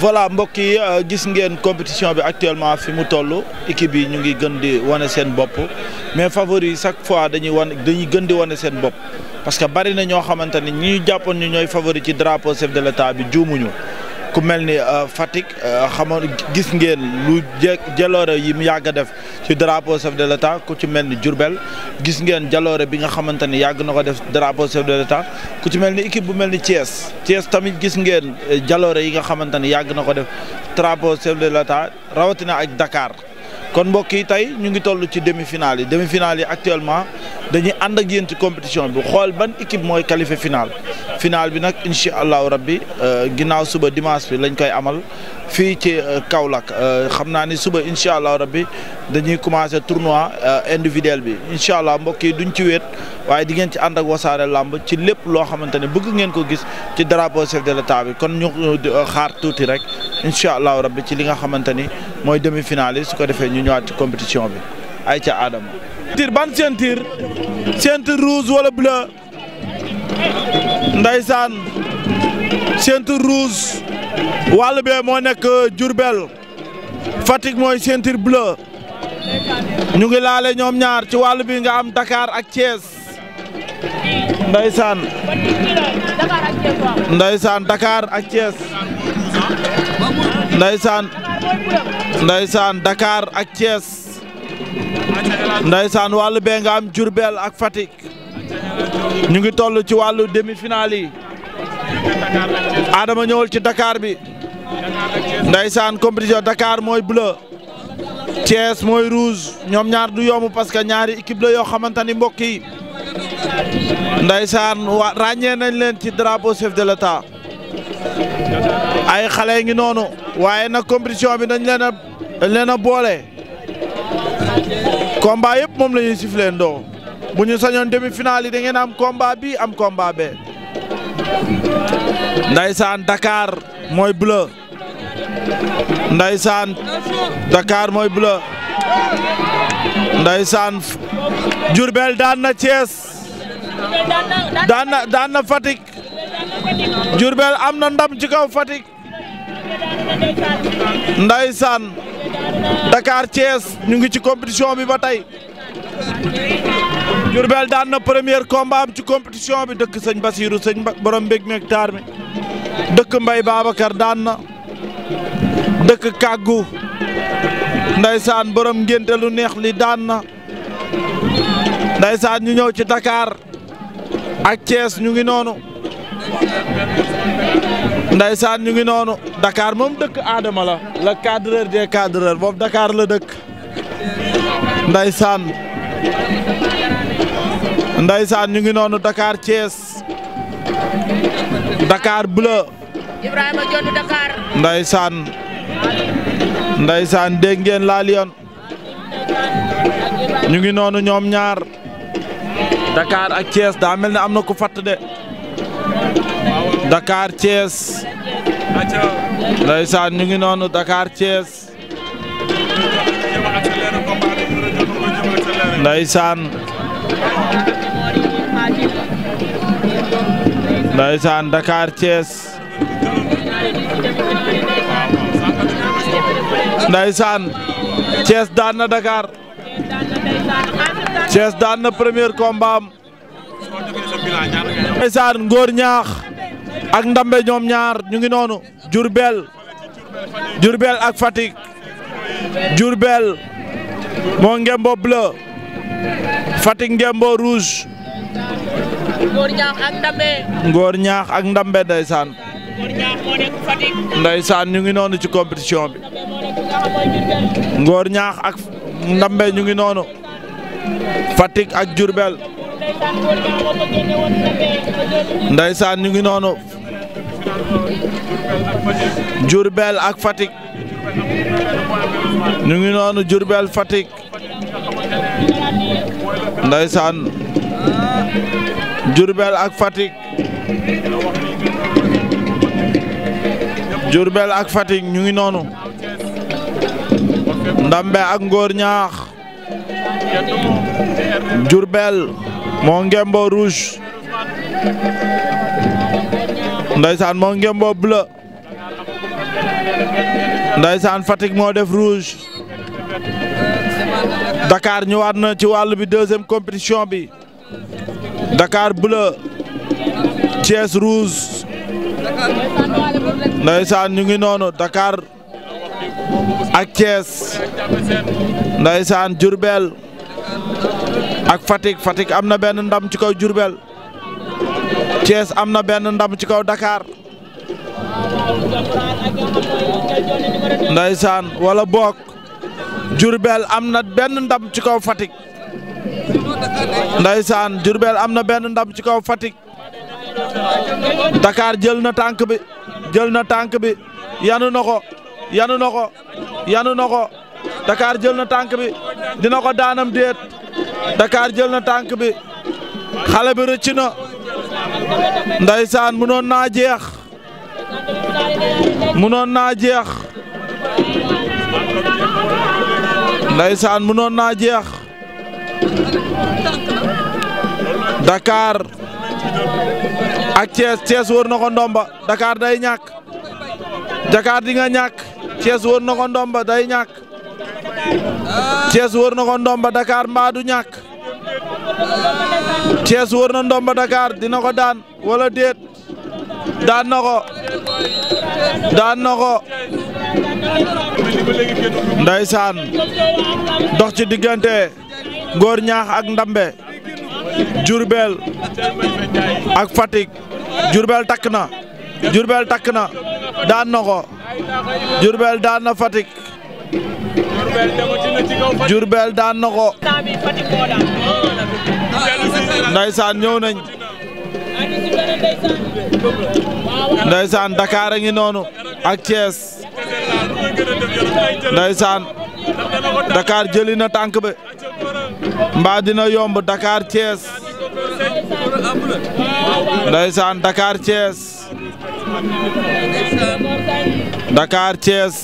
voilà mbokk yi euh, gis ngeen compétition bi actuellement fi mu toll équipe yi ñu ngi gën di wane seen bopp mais favori chaque fois dañuy wan dañuy gën di wane seen bopp parce que bari na ñoo xamante ni ñi ñu jàppoon ñu ñooy favori ci drapeau chef de l'état bi juumuñu ku mel ni euh, Fatick euh, xamoon gis ngeen lu jaloore yi mu yàgg a def ci drapeau sef de l'État ku ci mel ni jurbel gis ngeen jaloore bi nga xamante ni yàgg na ko def drapeau chef de l'État ku ci mel ni équipe bu mel ni Thiès Thiès tamit gis ngeen euh, jaloore yi nga xamante ni yàgg na ko def drapeau chef de l'État rawatina ak Dakar kon mbokk tey ñu ngi toll ci demi-finale yi demi-finale yi actuellement dañuy ànd ak yéen ci compétition bi xool ban équipe mooy qualifié final final bi nag incha allahu rabbi euh, ginnaaw suba dimanche bi lañ koy amal fii ci euh, Kaolack euh, xam naa ni suba incha allahu rabbi dañuy commencé tournoi individuel bi incha allah mbokk yi duñ ci wéet waaye di ngeen ci ànd ak wasaare làmb ci lépp loo xamante ne bëgg ngeen ko gis ci drapeau chef de l'état bi kon ñu xaar tuuti rek incha allahu rabbi ci li nga xamante ni mooy demi finale su ko defee ñu ñëwaat ci compétition bi ay ca Adama. tiir ban ceinture ceinture rouge wala bleu ndeysaan ceinture rouge wàll bee moo nekk Diourbel Fatick mooy ceinture bleu ñu ngi laale ñoom ñaar ci wàll bi nga am dakaar ak Thiès ndeysaan ndeysaan Dakar ak Thiès ndeysaan ak Thiès ndaysaan wàllu bee nga am Diourbel ak Fatick ñu ngi toll ci wàllu demi-finale yi Adama ñëwal ci dakaar bi saan compétition dakaar mooy bleu Thiès mooy rouge ñoom ñaar du yomb parce que ñaari équipe la yoo xamante ni mbokk yi ndaysaan wa ràññee nañ leen ci drapeau chef de l'État ay xale ngi noonu waaye nag compétition bi dañ leen a dañ leen a boole. combat yëpp moom la ñuy sifflé ndoo bu ñu sañoon demi-finale yi am combat bi am combat be ndaysaan Dakar mooy bleu ndaysaan Dakar mooy bleu daan na Thiès daan na daan na am na ndam ci kaw Ndeysaan dakaar Thiès ñu ngi ci compétition bi ba tey Diourbel daan na premier combat ci compétition bi dëkk sëñ Basiirou sëñ borom mbég meeg mi dëkk Mbay Babacar daan na dëkk Kàggu ndaysaan borom ngénte lu neex li daan na Ndeysaan ñu ñëw ci dakaar ak Thiès ñu ngi noonu. ndaysaan ñu ngi noonu dakaar moom dëkk aadama la la cadreur des cadreurs boobu Dakar la dëkk Ndeysaan ndaysaan ñu ngi noonu dakaar Thiès dakaar bleu Ibrahima Jonn Dakar Ndeysaan Ndeysaan dégg ngeen ñu ngi noonu ñoom ñaar Dakar ak Thiès daa mel ni am na ku fatt de Dakar cees ndeysaan ñu ngi noonu Dakar Thiès ndeysaan ndeysaan Dakar Thiès cees Thiès daan na Dakar Thiès daan na premier combat ndeysaan ngóor ñaax ak ndambe ñoom ñaar ñu ngi noonu Diourbel Diourbel ak Fatick Diourbel moo ngembo bleu Fatick ngembo rouge Ngor ñaax ak Ndambe. Ngor ñaax ñu ngi noonu ci compétition bi. Ngor ñaax ak Ndambe ñu ngi noonu. Fatick ak Diourbel. ndaysaan ñu ngi noonu Diourbel ak fatik ñu ngi noonu Diourbel Fatick Ndeysaan Diourbel ak Fatick Diourbel ak Fatick ñu ngi noonu Ndambe ak Ngor Ñaax Diourbel moo ngemboo rouge ndaysaan moo ngemboo bleu ndaysaan Fatick moo def rouge Dakar ñëwaat na ci wàll bi deuxième compétition bi dakaar bleu Thiès rouge ndaysaan ñu ngi noonu dakaar ak Thiès ndaysaan Diourbel ak Fatick fatik am na benn ndam ci kaw Diourbel Thiès am na benn ndam ci kaw Dakar ndaysaan wala book Diourbel am na benn ndam ci kaw Fatick ndaysaan Diourbel am na benn ndam ci kaw fatik dakaar jël na tànk bi jël na tànk bi yanu na ko yanu na ko yanu jël na tànk bi dina ko daanam déet dakaar jël na tànk bi xale bi rëcc na ndaysaan munoon naa jeex munoon naa jeex nday ndaysaan munoon naa jeex dakaar ak Thiès Thiès wër na ko ndomba Dakar day ñàkk Dakar di nga ñàkk Thiès wër na day ñàkk Thiès wër na ko ndomba Dakar mbaa du ñàkk Thiès na ndomba Dakar dina ko daan wala déet daan na ko daan na ko ndeysaan dox ci diggante Ngor Ñaax ak Ndambe Jurbel ak Fatick Jurbel takk na Jurbel takk na daan na ko Diourbel daan na ko. Ndeysaan ñëw nañ. Ndeysaan Dakar a ngi noonu ak Thiès. Ndeysaan Dakar jëli na tànk ba. Mbaa dina yomb Dakar Thiès. Ndeysaan Dakar Thiès. dakaar Thiès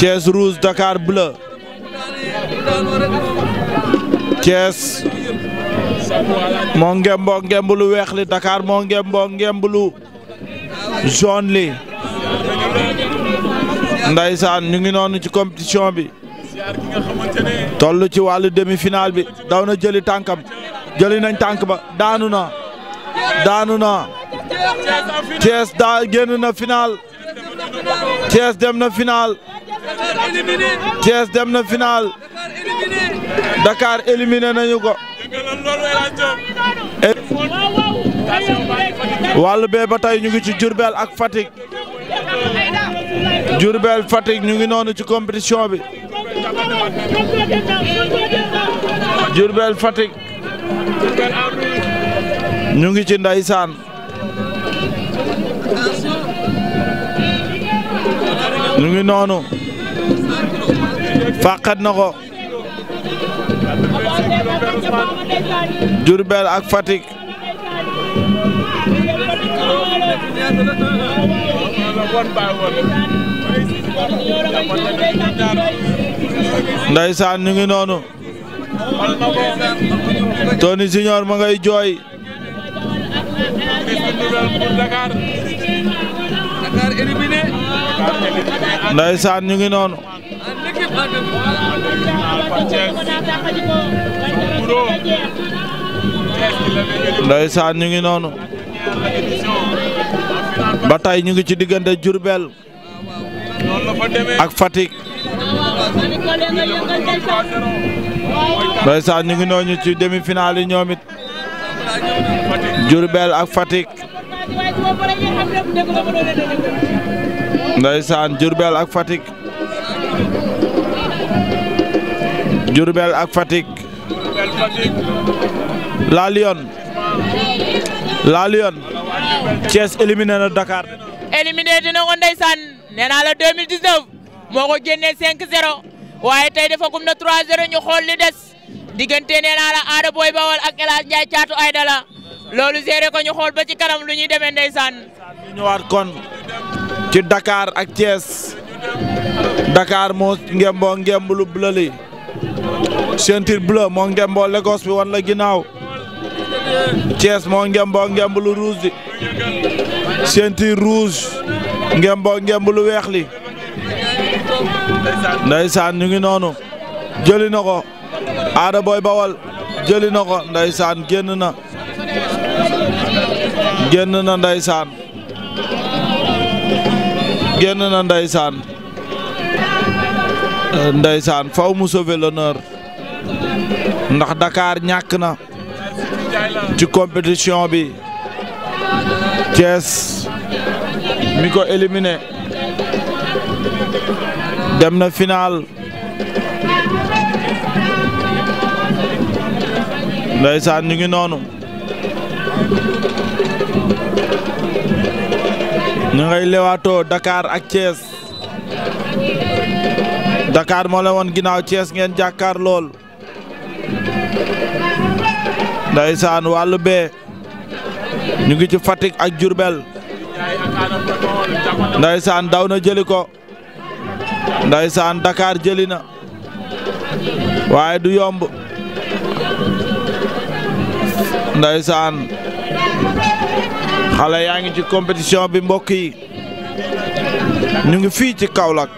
Thiès rouge Dakar bleu Thiès moo ngemboo ngemb lu weex li Dakar moo ngemboo ngemb lu li ndaysaan ñu ngi noonu ci compétition bi toll ci wàllu demi-finale bi daw na jëli tànkam jëli nañ tànk ba daanu na daanu na Thiès daa génn na final Thiès dem na finaal Thiès dem na final Dakar éliminé nañu ko. wàllu bee ba tey ñu ngi ci jurbel ak Fatick Diourbel Fatick ñu ngi noonu ci compétition bi jurbel fatig ñu ngi ci ndeysaan mu noonu fàqat na ko Diourbel ak Fatick Ndeysaan ñu ngi noonu Tony Junior ma ngay jooy ndeysaan ñu ngi noonu ndeysaan ñu ngi noonu ba tey ñu ngi ci diggante Diourbel ak Fatick ndeysaan ñu ngi noonu ci demi-finale yi ñoom ak Fatick Ndeysaan Diourbel ak Fatick Diourbel ak Fatick La Lyon La Lyon Thiès éliminé dina ko Ndeysaan nee naa la 2019 moo ko génnee waaye tey dafa gum na 3-0 ñu xool li des diggante nee naa la Ada Boy ak El Hadj caatu Aydala loolu géré ko ñu xool ba ci kanam lu ñuy demee Ndeysaan. ñu ñëwaat kon. ci dakaar ak Thiès dakaar moo ngemboo ngemb lu bleu li ceinture bleu moo ngemboo Lagos bi wan la ginnaaw Thiès moo ngemboo ngemb lu rouge di ceinture rouge ngemboo ngemb lu weex li ndeysaan ñu ngi noonu jëli na ko Ada Boy Bawal jëli na ko ndeysaan génn na génn na ndeysaan génn na ndeysaan euh, ndeysaan faw mu sauver l'honneur ndax dakaar ñàkk na ci compétition bi Thiès mi ko éliminé dem na finaal ndeysaan ñu ngi noonu ñu ngay lewatoo dakaar ak Thiès Dakar moo leen woon ginnaaw cees ngeen jàkkaar lool ndaysaan wàllu bee ñu ngi ci Fatick ak Diourbel ndaysaan daw na jëli ko ndaysaan Dakar jëli na waaye du yomb ndaysaan xale yaa ngi ci compétition bi mbokk yi ñu ngi fii ci Kaolack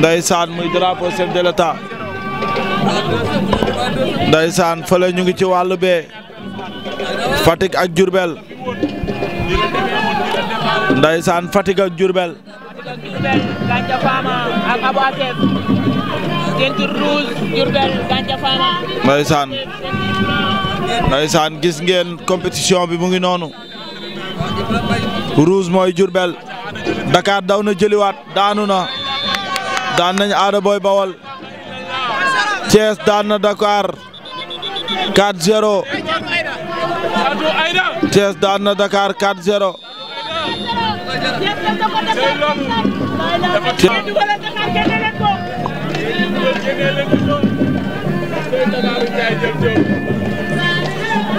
ndeysaan muy drapeau chef de l'État ndeysaan fële ñu ngi ci wàllu bee Fatick ak Diourbel ndaysaan Fatick ak Diourbel ndeysaan ndaysaan gis ngeen compétition bi mu ngi noonu rouge mooy Diourbel Dakar daw na jëliwaat daanu na daan nañ Ada Boy Bawol Thiès daan na Dakar 4-0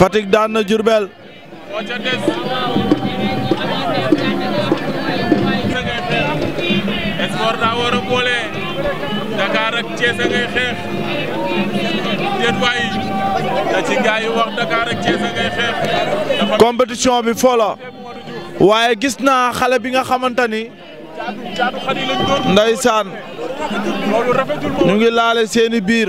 Fatick daan na Diourbel Espoir daa war a boole Dakar ak Thiès ngay xeex déet da ci gaay bi foo waaye gis naa xale bi nga xamante ni ndeysaan ñu ngi laale seeni biir.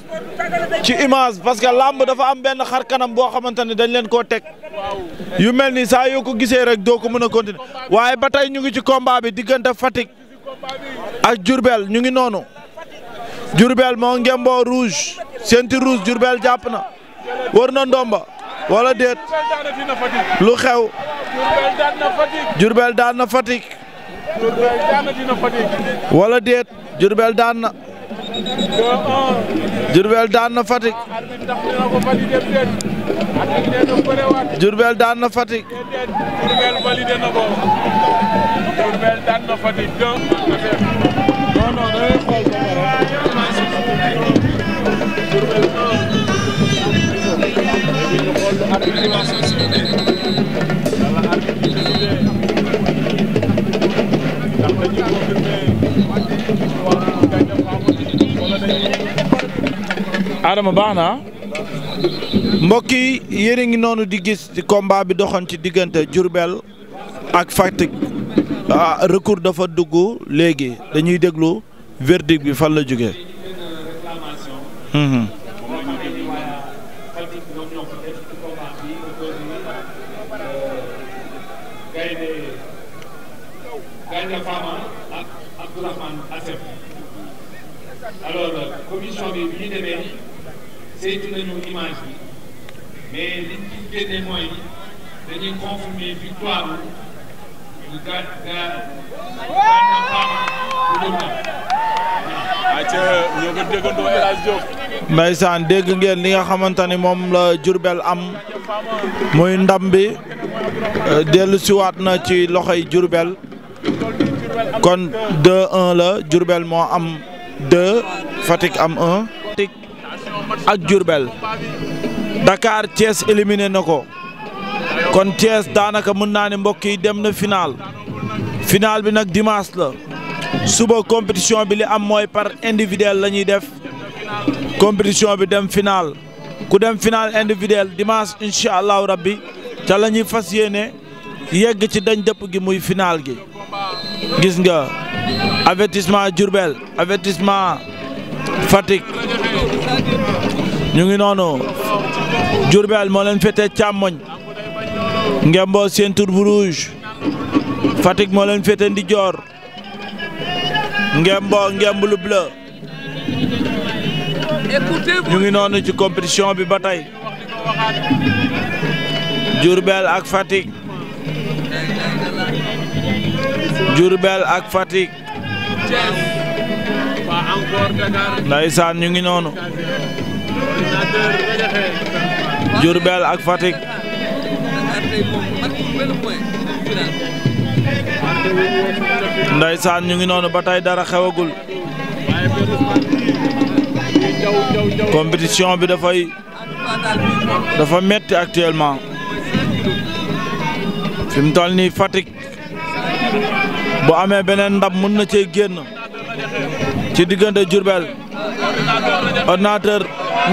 ci image parce que làmb dafa am benn xar kanam boo xamante ne dañ leen koo teg yu mel ni saa yoo ko gisee rek doo ko mën a continuer waaye ba tey ñu ngi ci combat bi diggante Fatick ak Diourbel ñu ngi noonu Diourbel moo ngemboo rouge ceinture rouge Diourbel jàpp na war na ndomba wala déet lu xew Diourbel daan na Fatick wala déet Diourbel daan na Diourbel daan na Fatick daan na Adama baax na mbokk yi yéen ngi noonu di gis ci komba bi doxoon ci diggante Diourbel ak Fatick ah recours dafa dugg léegi dañuy déglu verdict bi fan la jóge mhm. saytu dégg ngeen li nga xamante ni moom la Jurbel am muy ndam bi dellu siwaat na ci loxoy Jurbel kon 2-1 la Jurbel moo am 2 Fatick am 1. ak Diourbel Dakar Thiès éliminé na ko kon Thiès daanaka mën naa ne mbokk yi dem na final final bi nag dimanche la suba compétition bi li am mooy par individuel la ñuy def compétition bi dem final ku dem final individuel dimanche incha allahu rabbi ca la ñuy fas yéene yegg ci dañ dëpp gi muy final gi gis nga avertissement Diourbel avertissement Fatick ñu ngi noonu Diourbel moo leen féete càmmoñ ngemboo ceinture bu rouge Fatick moo leen féete ndijoor ngemboo ngemb lu bleu ñu ngi noonu ci compétition bi ba tey Diourbel ak Fatick Diourbel ak Fatick ndaysaan ñu ngi noonu Diourbel ak Fatick ndeysaan ñu ngi noonu ba tey dara xewagul compétition bi dafay dafa metti actuellement fi toll nii Fatick bu amee beneen ndam mën na cee génn ci diggante Diourbel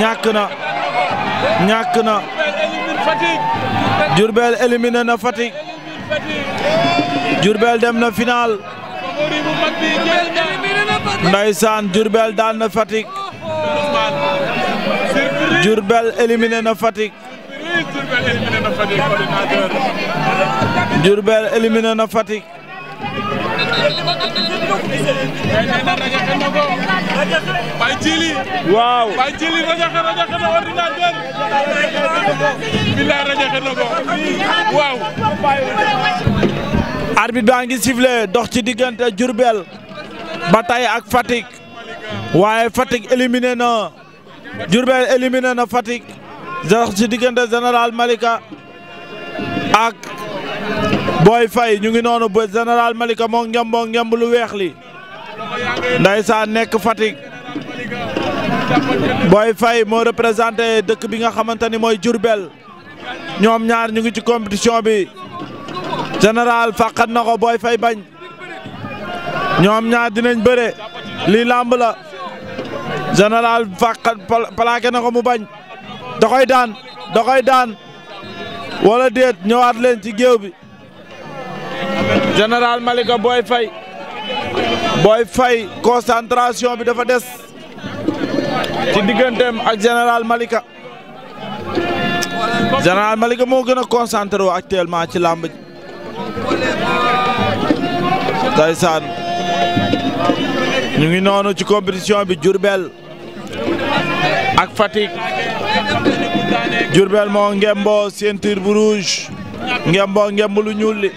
ñàkk na ñàkk na Diourbel éliminé na Fatick Diourbel dem na final ndaysaan Diourbel daan na Fatick Diourbel éliminé na Fatick Diourbel éliminé na Fatick Baye baa ngi sifflé dox ci diggante Diourbel ba tey ak Fatick waaye Fatick éliminé na Diourbel éliminé dox ci diggante Général Malika ak Boy Faye ñu ngi noonu ba général Malika moo ngemboo ngemb lu weex li ndaysaan nekk fatik Boy fay moo représenté dëkk bi nga xamante ni mooy Diourbel ñoom ñaar ñu ngi ci compétition bi général fàqat na ko Boy Faye bañ ñoom ñaar dinañ bëre li làmb la général fàqat plaqué na ko mu bañ da daan da daan wala déet ñëwaat leen ci géew bi général Malika Boy Faye Boy Faye concentration bi dafa des ci digganteem ak général Malika général Malika moo gën a concentré wu actuellement ci làmb ji ñu ngi noonu ci compétition bi Diourbel ak Fatick Diourbel moo ngemboo ceinture bu rouge ngemboo ngemb lu ñuul li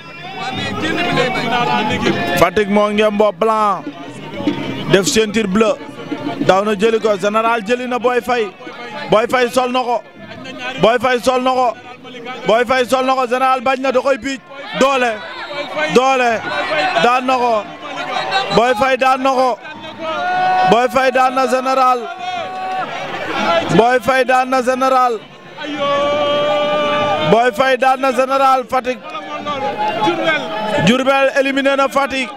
fatik moo ngemboo blanc def ceinture bleu daw na jëli ko général na Boy Faye Boy Faye sol na ko Boy Faye sol na ko Boy na ko général koy biic doole doole daan na ko Boy daan na ko Boy daan na général Boy Faye daan na général Boy Faye daan na général Fatick Diourbel éliminé na Fatick